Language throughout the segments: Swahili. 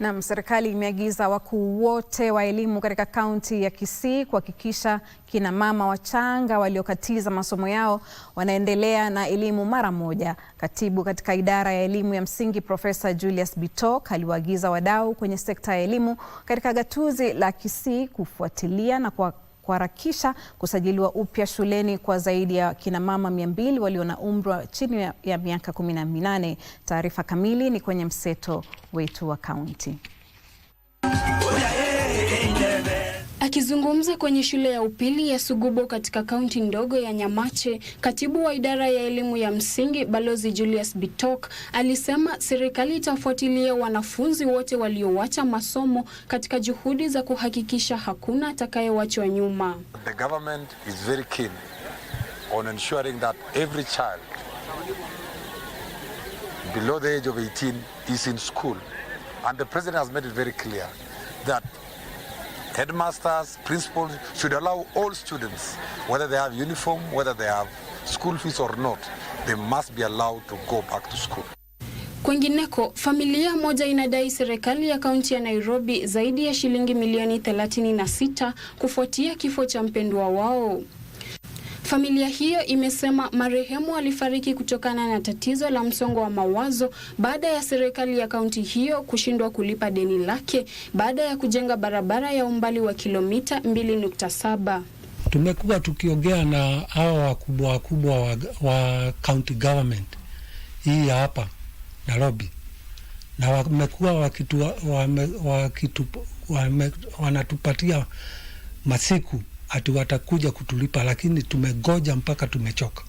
Naam, serikali imeagiza wakuu wote wa elimu katika kaunti ya Kisii kuhakikisha kina mama wachanga waliokatiza masomo yao wanaendelea na elimu mara moja. Katibu katika idara ya elimu ya msingi Profesa Julius Bitok aliwaagiza wadau kwenye sekta ya elimu katika gatuzi la Kisii kufuatilia na kwa kuharakisha kusajiliwa upya shuleni kwa zaidi ya kinamama mia mbili walio na umri wa chini ya miaka kumi na minane. Taarifa kamili ni kwenye mseto wetu wa kaunti. Akizungumza kwenye shule ya upili ya Sugubo katika kaunti ndogo ya Nyamache, katibu wa idara ya elimu ya msingi Balozi Julius Bitok alisema serikali itafuatilia wanafunzi wote walioacha masomo katika juhudi za kuhakikisha hakuna atakayewachwa nyuma. The government is very keen on ensuring that every child below the age of 18 is in school and the president has made it very clear that headmasters, principals should allow all students, whether they have uniform, whether they have school fees or not, they must be allowed to go back to school. Kwingineko, familia moja inadai serikali ya kaunti ya Nairobi zaidi ya shilingi milioni 36 kufuatia kifo cha mpendwa wao. Familia hiyo imesema marehemu alifariki kutokana na tatizo la msongo wa mawazo baada ya serikali ya kaunti hiyo kushindwa kulipa deni lake baada ya kujenga barabara ya umbali wa kilomita 2.7. Tumekuwa tukiongea na hawa wakubwa wakubwa wa, wa county government hii ya hapa Nairobi na wamekuwa wakitu, wame, wakitu, wame, wanatupatia masiku hati watakuja kutulipa, lakini tumegoja mpaka tumechoka.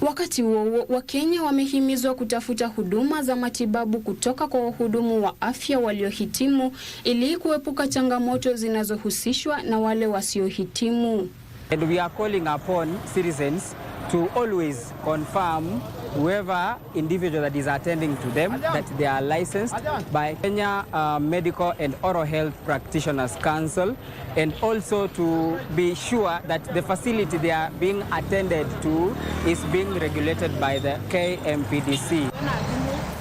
Wakati huo huo, Wakenya wamehimizwa kutafuta huduma za matibabu kutoka kwa wahudumu wa afya waliohitimu ili kuepuka changamoto zinazohusishwa na wale wasiohitimu. And we are calling upon citizens to always confirm whoever individual that is attending to them that they are licensed by Kenya uh, Medical and Oral Health Practitioners Council and also to be sure that the facility they are being attended to is being regulated by the KMPDC.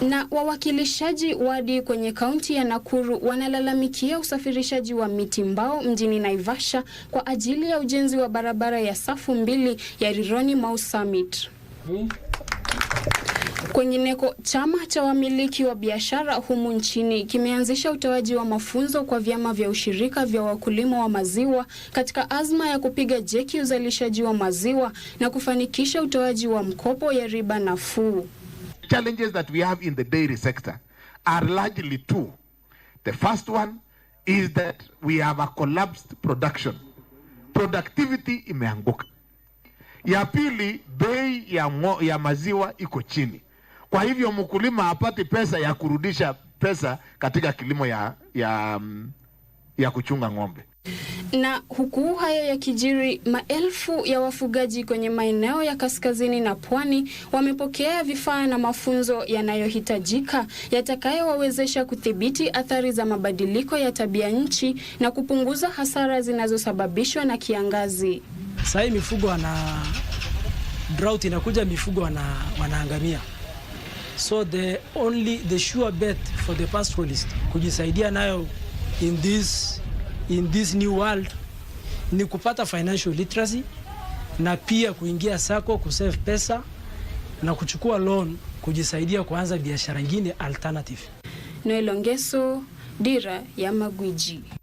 Na wawakilishaji wadi kwenye kaunti ya Nakuru wanalalamikia usafirishaji wa miti mbao mjini Naivasha kwa ajili ya ujenzi wa barabara ya safu mbili ya Rironi Mau Summit. Hmm. Kwengineko, chama cha wamiliki wa biashara humu nchini kimeanzisha utoaji wa mafunzo kwa vyama vya ushirika vya wakulima wa maziwa katika azma ya kupiga jeki uzalishaji wa maziwa na kufanikisha utoaji wa mkopo ya riba nafuu. Challenges that we have in the dairy sector are largely two. The first one is that we have a collapsed production. Productivity imeanguka. Ya pili, bei ya, ya maziwa iko chini. Kwa hivyo mkulima hapati pesa ya kurudisha pesa katika kilimo ya, ya, mm, ya kuchunga ng'ombe. Na huku hayo yakijiri, maelfu ya wafugaji kwenye maeneo ya kaskazini na pwani wamepokea vifaa na mafunzo yanayohitajika yatakayowawezesha kudhibiti athari za mabadiliko ya tabia nchi na kupunguza hasara zinazosababishwa na kiangazi. Sasa mifugo wana drought inakuja, mifugo wana, wanaangamia so the only the sure bet for the pastoralist kujisaidia nayo in this, in this new world ni kupata financial literacy na pia kuingia sako kusave pesa na kuchukua loan kujisaidia kuanza biashara nyingine alternative. Noel Ongeso, Dira ya Magwiji.